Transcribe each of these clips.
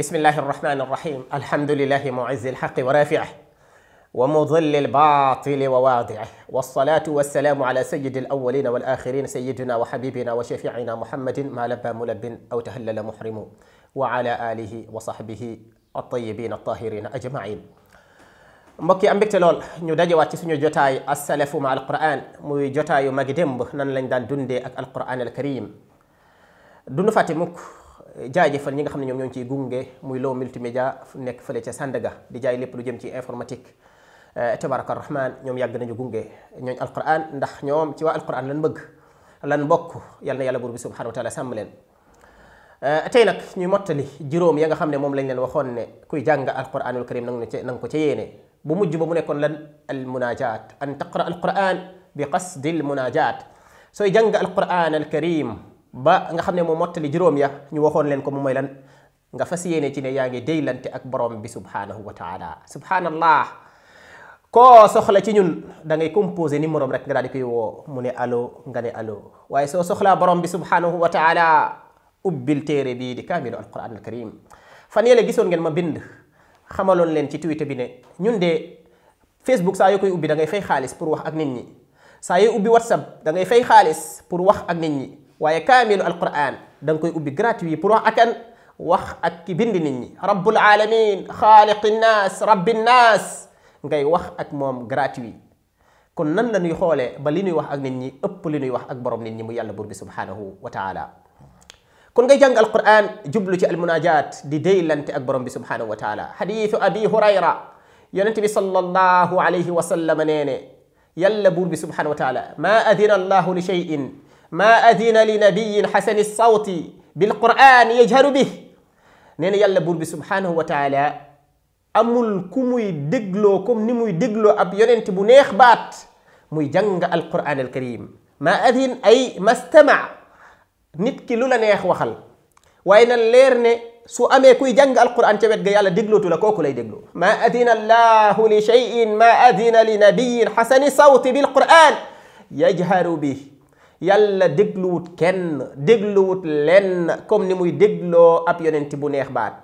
بسم الله الرحمن الرحيم الحمد لله معز الحق ورافعه ومضل الباطل وواضعه والصلاة والسلام على سيد الأولين والآخرين سيدنا وحبيبنا وشفيعنا محمد ما لبى ملب أو تهلل محرم وعلى آله وصحبه الطيبين الطاهرين أجمعين مكي أم بكتلول mbégte lool ñu dajewaat ci suñu jotaayu asalafu ma alquran muy jotaayu magi démb nan lañ daan dundee ak jaajëfal ñi nga xam ne ñoom ñoo ciy gunge muy Lo multimédia nekk fële ca Sandaga di jaay lépp lu jëm ci informatique eh, tabaraka rahman ñoom yàgg nañu gunge ñooñ alquran ndax ñoom ci waa alquran lan bëgg lan bokk yal na yàlla buur bi subhanahu wa taala sàmm leen eh, tey nag ñuy mottali juróom ya nga xam ne moom lañ leen waxoon ne kuy jàng alquranul karim nang na ko ca yéene bu mujj ba mu nekkoon lan al munajat an taqra alquran bi qasdi al munajat sooy jàng alquran al karim ba nga xam ne moom mottali juróom ya ñu waxoon leen ko mu mooy lan nga fas yéene ci ne yaa ngi déylante ak borom bi subhanahu wa taala subhanallah koo soxla ci ñun da ngay composé numéro rek nga daal di koy woo mu ne allo nga ne allo waaye soo soxlaa borom bi subhanahu wa taala ubbil téere bii di kaamilu alquran alkarim fan yële gisoon ngeen ma bind xamaloon leen ci Twitter bi ne ñun de Facebook saa yoo koy ubbi da ngay fay xaalis pour wax ak nit ñi saa yoo ubbi WhatsApp da ngay fay xaalis pour wax ak waye kamilu alquran dang koy ubi gratuit pour wax akan wax ak ki bind nit ñi rabbul alamin khaliqun nas rabbi nas ngay wax ak mom gratuit kon nan la ñuy xoolee ba li ñuy wax ak nit ñi ëpp li ñuy wax ak borom nit ñi mu yàlla burbi subhanahu wa taala kon ngay jàng alquran jublu ci almunajat di déylante ak borom bi subhanahu wa taala hadith abi hurayra yonente bi sallallahu alayhi wa sallam neene yàlla burbi subhanahu wa taala ma adina allah li shay'in ما أذن لنبي حسن الصوت بالقرآن يجهر به نين يلا برب سبحانه وتعالى أمول كموي دقلو كم نموي دقلو أب يونين تبو نيخبات موي جنغ القرآن الكريم ما أذن أي ما استمع نتكي لولا نيخ وخل وإن الليرني سو أمي كوي جنغ القرآن تبت غيالا دقلو تولا كوكو لي دقلو ما أذن الله لشيء ما أذن لنبي حسن صوت بالقرآن يجهر به yàlla dégluwut kenn dégluwut len comme ni muy dégloo ab yonent bu neex baat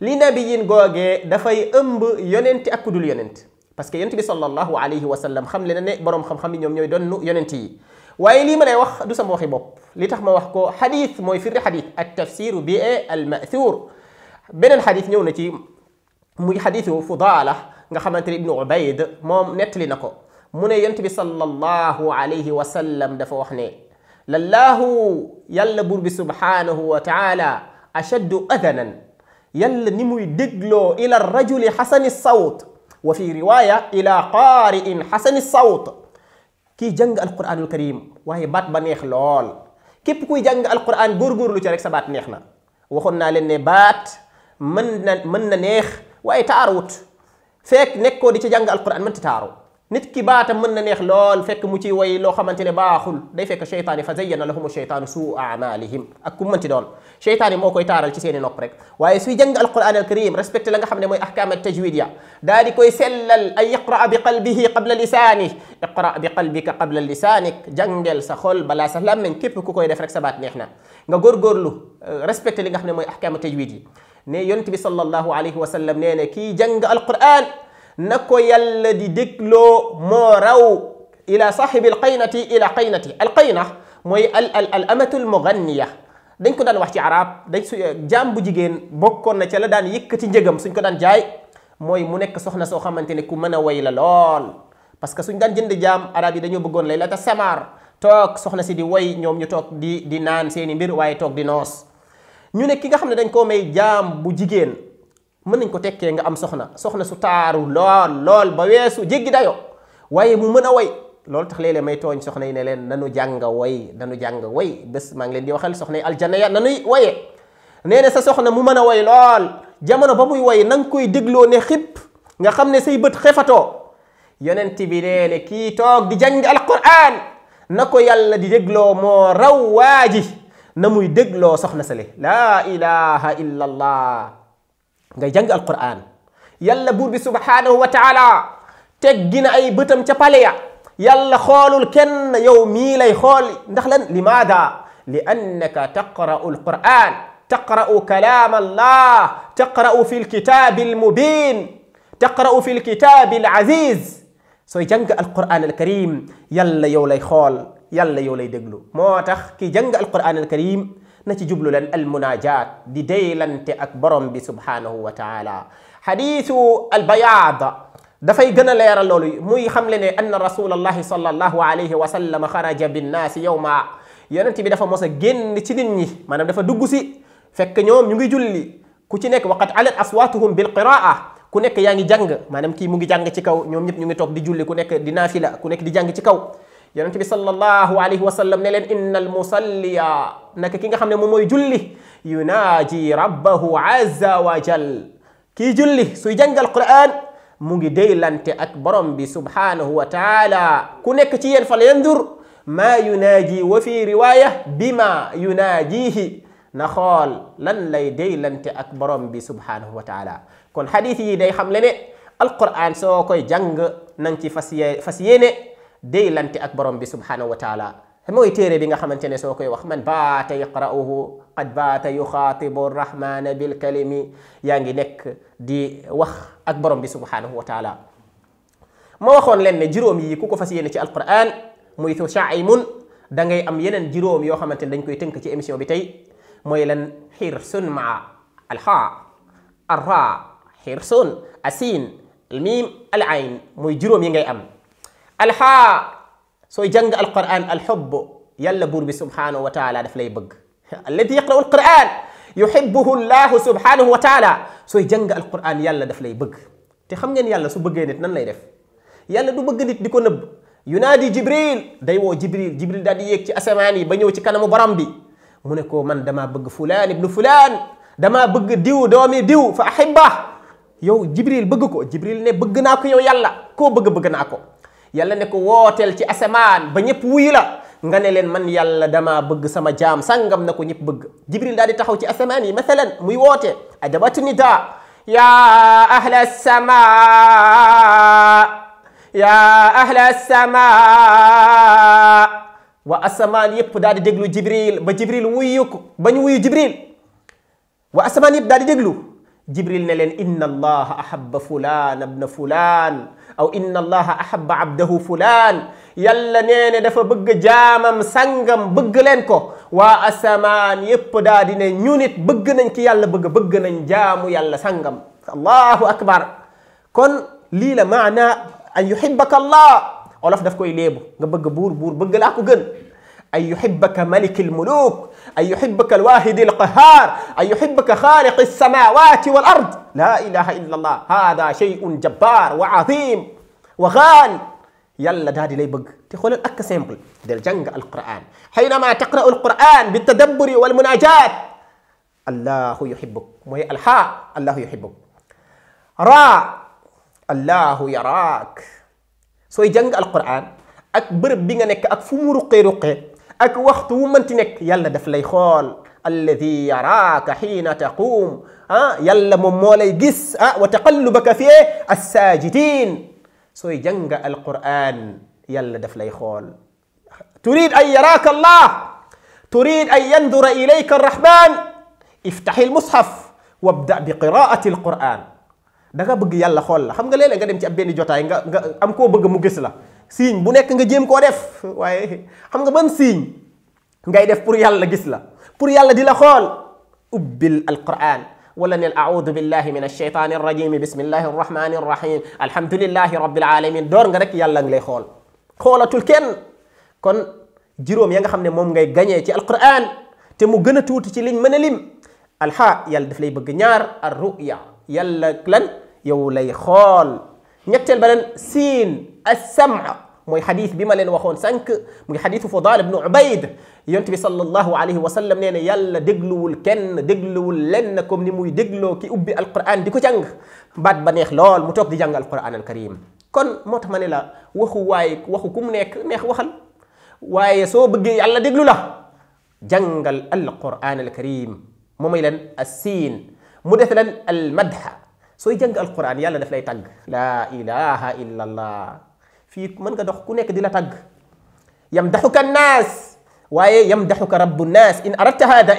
li nabiyin googee dafay ëmb yonent ak kudul yonent parce que yonent bi sallallahu alayhi wa sallam xam le na ne boroom xam-xam yi ñoom ñooy donnu yonent yi waaye lii ma lay wax du sama waxi bopp li tax ma wax ko xadis mooy firi xadis ak tafsiru bi e al mathur benen hadith ñëw na ci muy xadisu fudaala nga xamante ne ubayd moom nettali na من ينتبي صلى الله عليه وسلم دفع وحني لله يلبر سبحانه وتعالى أشد أذنا يل نموي دقلو إلى الرجل حسن الصوت وفي رواية إلى قارئ حسن الصوت كي جنج القرآن الكريم وهي بات بنيخ لول كيف كي جنج القرآن غور غور لوتي سبات نيخنا وخلنا لن بات من من نيخ وهي تاروت فيك نكو دي جنج القرآن من تتارو nit ki baata mën na neex lool fekk mu ci way lo xamantene baaxul day fekk shaytan fa zayyana lahumu cheytaanu suu amalihim ak ku mënti doon shaytan mo koy taral ci seeni i nopp rek waye suy jàng alquran al karim respecté la nga xamne moy ahkam al tajwid ya dal di koy selal ay yaqra bi qalbihi qabla lisani iqra bi qalbika qabla lisanik jàngel sa xol bala sa làmmeñ kep ku koy def rek sa baat neex na gor góorgóorlu respect li nga xamne moy ahkam al tajwid ne yonent bi sallallahu alayhi wa sallam ne ne ki jàng alquran na ko yàlla di loo moo raw ila saaxibi alqaynati ila qaynati alqayna mooy al al al amatul muganniya dañ ko daan wax ci arab dañ su jaam bu jigéen bokkoon na ca la daan yëkkati njëgam suñ ko daan jaay mooy mu nekk soxna soo xamante ne ku mën a way la lool parce que suñ daan jënd jaam arab yi dañoo bëggoon lay la ta samar toog soxna si di way ñoom ñu toog di di naan seeni mbir waaye toog di noos ñu ne ki nga xam ne dañ koo may jaam bu jigéen man nañ ko tekkee nga am soxna soxna su taaru lool lool ba weesu jéggi dayoo waaye mu mën a way loolu tax léeg may tooñ soxna yi ne leen nanu jàng way nanu jàng way bés maa ngi leen di waxal soxna yi aljanna ya nanuy waye nee na sa soxna mu mën a way lool jamono ba muy way na nga koy dégloo ne xib nga xam ne say bët xefatoo yonent bi nee ne kii toog di jàng alquran na ko yàlla di dégloo moo raw waa ji na muy dégloo soxna sa laa ilaha illa allah nga jàng alquran yàlla buur bi subhanahu wa taala teggi na ay bëtam ca pale ya yàlla xoolul kenn yow mii lay xool ndax lan limaada li annaka taqra'u alquran taqra'u kalaam allah taqra'u fi lkitaabi almubin taqra'u fi lkitaabi alaziz sooy jàng alquran alkarim yàlla yow lay xool yàlla yow lay déglu moo tax ki jàng alquran alkarim na ci jublu leen al munajat di deylante ak borom bi subhanahu wa taala xadiisu al bayaad dafay gën a leeral loolu muy xamle ne anna rasulallahi sallallahu alayhi wa sallam xaraja binnaasi yowma yonent bi dafa mos a génn ci nit ñi maanaam dafa dugg si fekk ñoom ñu ngi julli ku ci nekk waqad alat aswaatuhum bil qiraa ku nekk yaa ngi jàng maanaam kii mu ngi jàng ci kaw ñoom ñëpp ñu ngi toog di julli ku nekk di naafila ku nekk di jàng ci kaw yonent bi sallallahu alayhi wa sallam ne leen innal musalliya naka ki nga xam ne moom mooy julli yunaaji rabbahu azza wa jal kii julli suy jàngal quran mu ngi déylante ak borom bi subhanahu wa taala ku nekk ci yéen fal yandur maa yunaaji wa fi riwaya bima yunaajihi na xool lan lay déylante ak borom bi subhanahu wa taala kon xadis yi day xam le ne alquran soo koy jàng nang ci fas yée fas yéene déylante ak borom bi subhanahu wa taala mooy téere bi nga xamante ne soo koy wax man baata yaqra'uhu qad baata yuxaatibu rahmana bilkalimi yaa ngi nekk di wax ak borom bi subhanahu wa taala ma waxoon leen ne juróom yi ku ko fas yéene ci alquran muy tu shaimun da ngay am yeneen juróom yoo xamante ne dañ koy tënk ci émission bi tey mooy lan xirsun maa alxaa arra xirsun asin almim alayn mooy juróom yi ngay am alxaa sooy jàng alquran alxubb yàlla buur bi subhanahu wa taala daf lay bëgg alladi yaqra'u alquran yuhibbuhu llahu subhanahu wa taala sooy jàng alquran yàlla daf lay bëgg te xam ngeen yàlla su bëggee nit nan lay def yàlla du bëgg nit di ko nëbb yunaadi jibril day woo jibril jibril daal di yéeg ci asamaan yi ba ñëw ci kanamu borom bi mu ne ko man damaa bëgg fulaan ibnu fulaan damaa bëgg diw doomi diw fa ahibba yow jibril bëgg ko jibril ne bëgg naa ko yow yàlla koo bëgg bëgg naa ko yàlla ne ko wooteel ci asamaan ba ñëpp wuyu nga ne leen man yàlla damaa bëgg sama jaam sangam na ko ñëpp bëgg jibril daal di taxaw ci asamaan yi mathalan muy woote ajabatu nida ya ahla sama ya ahla sama wa asamaan yëpp daal di déglu jibril ba jibril wuyu ko ba ñu wuyu jibril wa asamaan yëpp daal di déglu جبريل نلين إن الله أحب فلان ابن فلان أو إن الله أحب عبده فلان يلا نين دفا بغ جامم سانغام بغ لينكو وا اسمان ييب دا دي ني نيونيت بغ نانكي يالا بغ بغ نان جامو يالا سانغام الله اكبر كون لي لا معنى ان يحبك الله اولف داف كوي ليبو غا بغ بور بور بغ لاكو غن أن يحبك ملك الملوك أن يحبك الواهد القهار أن يحبك خالق السماوات والأرض لا إله إلا الله هذا شيء جبار وعظيم وغال يلا دادي لي بق تقول الأك سيمبل دل جنگ القرآن حينما تقرأ القرآن بالتدبر والمناجات الله يحبك وهي الحاء الله يحبك راء الله يراك سوي جنگ القرآن أكبر بيغا أكفو أك رقي رقي ak waxtu wu mënti nekk yàlla daf lay xool alladi yaraaka xiina taquum ah yàlla moom moo lay gis ah wa taqallubaka fi assaajidin sooy jàng alquran yàlla daf lay xool turid an yaraaka allah turid an yandura ilayka arrahman iftaxi almushaf wabda bi qiraati alquran da nga bëgg yàlla xool la xam nga léeg-léeg nga dem ci ab benn jotaay nga nga am koo bëgg mu gis la signe bu nekk nga jéem koo def waaye xam nga ban signe ngay def pour yàlla gis la pour yàlla di la xool ubbil alquran wala neel audu billahi min alsheytani arrajim bismillahi arrahmani arrahim alhamdulillahi rabbil alamin door nga rek yàlla ngi lay xool xoolatul kenn kon juróom ya nga xam ne moom ngay gañee ci alquran te mu gën a tuuti ci liñ mën a lim alha yàlla daf lay bëgg ñaar ar ruya yàlla lan yow lay xool ñetteel ba leen siin assam'a mooy xadis bi ma leen waxoon sànq muy xadisu Fudaal ibnu Ubayd yonent bi sallallahu alayhi wa sallam nee na yàlla dégluwul kenn dégluwul lenn comme ni muy dégloo ki ubbi Alquran di ko jàng baat ba neex lool mu toog di jàng Alquran alkarim kon moo tax ma ne la waxu waay waxu ku mu nekk neex waxal waaye soo bëggee yàlla déglu la jàngal Alquran alkarim mu may leen assiin mu def leen almadha sooy jàng Alquran yàlla daf lay tàgg. la ilaha illallah. في من nga dox ku nekk di la tagg yamdaxuka annaas waaye yamdaxuka rabbu nnaas in aradta hada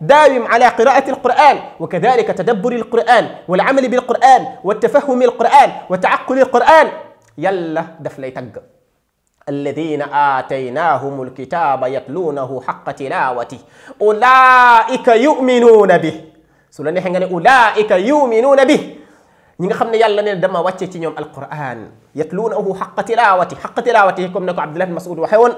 داوم على قراءة القرآن وكذلك تدبر القرآن والعمل بالقرآن والتفهم القرآن وتعقل القرآن يلا دفلي تق الذين آتيناهم الكتاب يتلونه حق تلاوته أولئك يؤمنون به سلني حين أولئك يؤمنون به ñi nga xam ne yàlla ne dama wàcce ci ñoom alquran yatluunahu xaqa tilaawati xaqa tilaawati comme ne ko abdullah bin masud waxee woon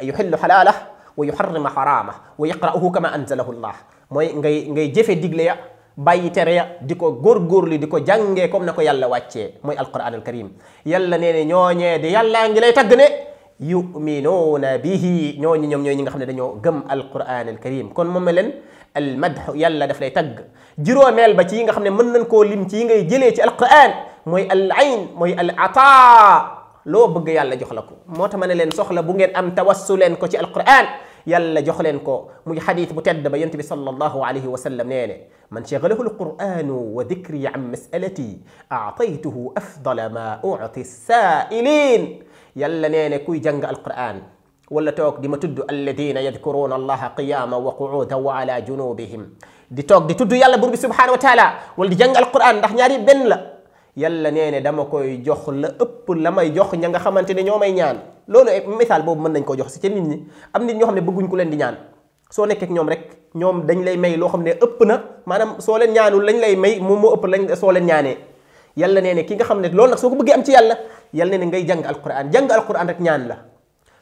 yuxillu xalaalah wa yuxarrima xaraama wa yaqra'uhu kama anzalahu llah mooy ngay ngay jëfe digle ya bàyyi tere ya di ko góorgóorlu di ko jàngee comme ne ko yàlla wàccee mooy alquran alkarim yàlla nee ne ñooñee di yàllaa ngi lay tagg ne yuminuuna bihi ñooñu ñoom ñooy ñi nga xam ne dañoo gëm alquran alkarim kon moom leen المدح يلا دفلي تج جرو مال بتشينغ خم نمنن كولم تشينغ يجلي تي القرآن موي العين موي العطاء لو بغي يلا جخلكو موت من لين سخلا بعير أم توسلن كتي القرآن يلا جخلن كو موي حديث متعدد بينت صلى الله عليه وسلم نين من شغله القرآن وذكري عن مسألتي أعطيته أفضل ما أعطي السائلين يلا نين كوي جنغ القرآن wala toog di ma tudd alladina yadkuruna allaha qiyaman wa qu'udan wa ala junubihim di toog di tudd yàlla buur bi subhanahu wa taala wala di jàng alquran ndax ñaari benn la yàlla nee ne dama koy jox la ëpp la may jox ña nga xamante ne ñoo may ñaan loolu misaal boobu mën nañ ko jox si ca nit ñi am nit ñoo ne bëgguñ ku leen di ñaan soo nekkee ak rek ñoom dañ lay may loo xam ne ëpp na maanaam soo leen ñaanul lañ lay may moom moo ëpp lañ soo leen ñaanee yàlla nee ne ki nga xam ne loolu soo ko bëggee am ci yàlla yàlla nee ne ngay jàng alquran jàng alquran rek ñaan la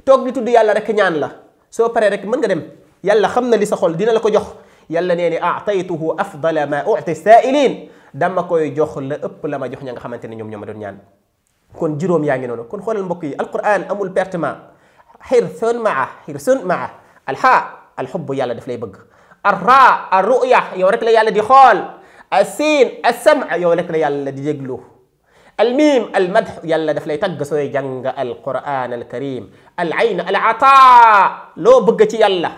tok di tuddu yàlla rek ñaan la so paré rek mën nga dem yàlla xamna li sa xol dina la ko jox yàlla neeni ataytuhu afdala ma uti sa'ilin dama koy jox la ëpp lama jox ñinga xamanteni ñom ñoma doon ñaan kon juróom yaangi ngi kon xolal mbokk yi alquran amul pertement hirsun maa hirsun maa alha alxubb yàlla daf lay bëgg arra arruya yow rek la yàlla di xool asin asam yow rek la yàlla di déglu الميم المدح يلا دفلي لي جنغ القران الكريم العين العطاء لو بقتي يلا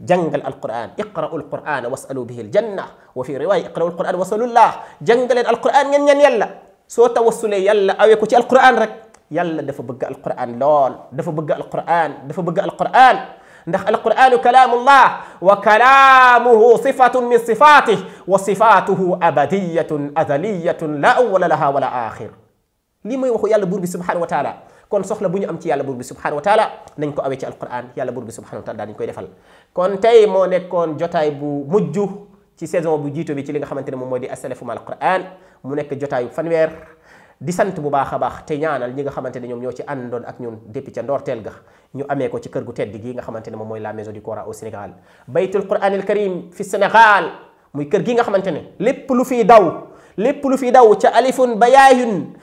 جنغ القران اقرأوا القران واسالوا به الجنه وفي روايه اقرأوا القران واسالوا الله جنغ القران ين ين يلا سو توسل يلا او يكوتي القران رك يلا دفو بقى القران لول دفو بقى القران دفو بقى القران ndax alqur'anu kalaamullah wa kalaamuhu sifatun min sifatih wa sifatuhu abadiyatun azaliyatun la awala laha wala axir lii mooy waxu yàlla buur bi subhanahu wa taala kon soxla bu ñu am ci yàlla buur bi subhanahu wa taala nañ ko awee ci alqur'an yàlla buur bi subhanahu wa taala dañ koy defal kon tey moo nekkoon jotaay bu mujj ci saison bu jiito bi ci li nga xamante ne moom mooy di asalafu ma alqur'an mu nekk jotaayu fanweer di sant bu baax a baax te ñaanal ñi nga xamante ne ñoom ñoo ci àndoon ak ñun depuis ca ndoorteel ga ñu amee ko ci kër gu tedd gi nga xamante ne moom mooy la maison du Coran au Sénégal baytul Quran al Karim fi Sénégal muy kër gi nga xamante ne lépp lu fiy daw lépp lu fiy daw ca alifun ba yaayun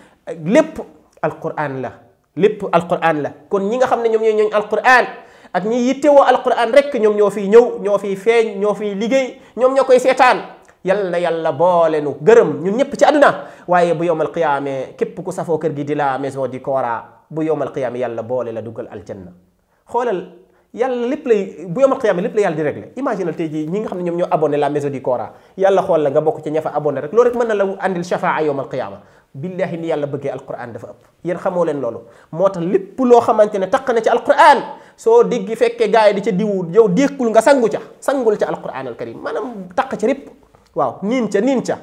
lépp alquran la lépp alquran la kon ñi nga xam ne ñoom ñooy ñooñ alquran ak ñi yittewoo alquran rek ñoom ñoo fiy ñëw ñoo fi feeñ ñoo fiy liggéey ñoom ñoo koy seetaan yàlla yàlla boole nu gërëm ñun ñëpp ci àdduna waaye bu yowmal qiyaame képp ku safoo kër gi di la maison du Coran bu yowmal qiyaame yàlla boole la duggal aljanna xoolal yàlla lépp lay bu yowmal qiyaame lépp la yàlla di réglé imaginal tey jii ñi nga xam ne ñoom ñoo abonné la maison du Coran yàlla xool nga bokk ci ña fa abonné rek loolu rek mën na la andil shafaa yowmal qiyaama billahi ni yàlla bëggee alquran dafa ëpp yéen xamoo leen loolu moo tax lépp loo xamante ne taq na ci alquran soo diggi fekkee gars di ca diwu yow dékkul nga sangu ca sangul ca alquran al karim maanaam taq ca répp waaw niin ca niin ca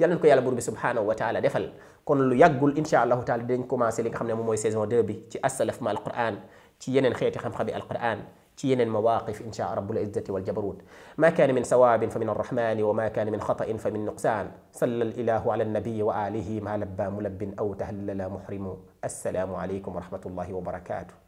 يالا نكو يالا بروبي سبحانه وتعالى دفل كون لو ياغول ان شاء الله تعالى دي نكومانسي ليغا خامني موي سيزون 2 تي اسلف مع القران تي يينن خيتي خام خابي القران تي يينن مواقف ان شاء رب العزه والجبروت ما كان من ثواب فمن الرحمن وما كان من خطا فمن نقصان صلى الاله على النبي واله ما لبى ملب او تهلل محرم السلام عليكم ورحمه الله وبركاته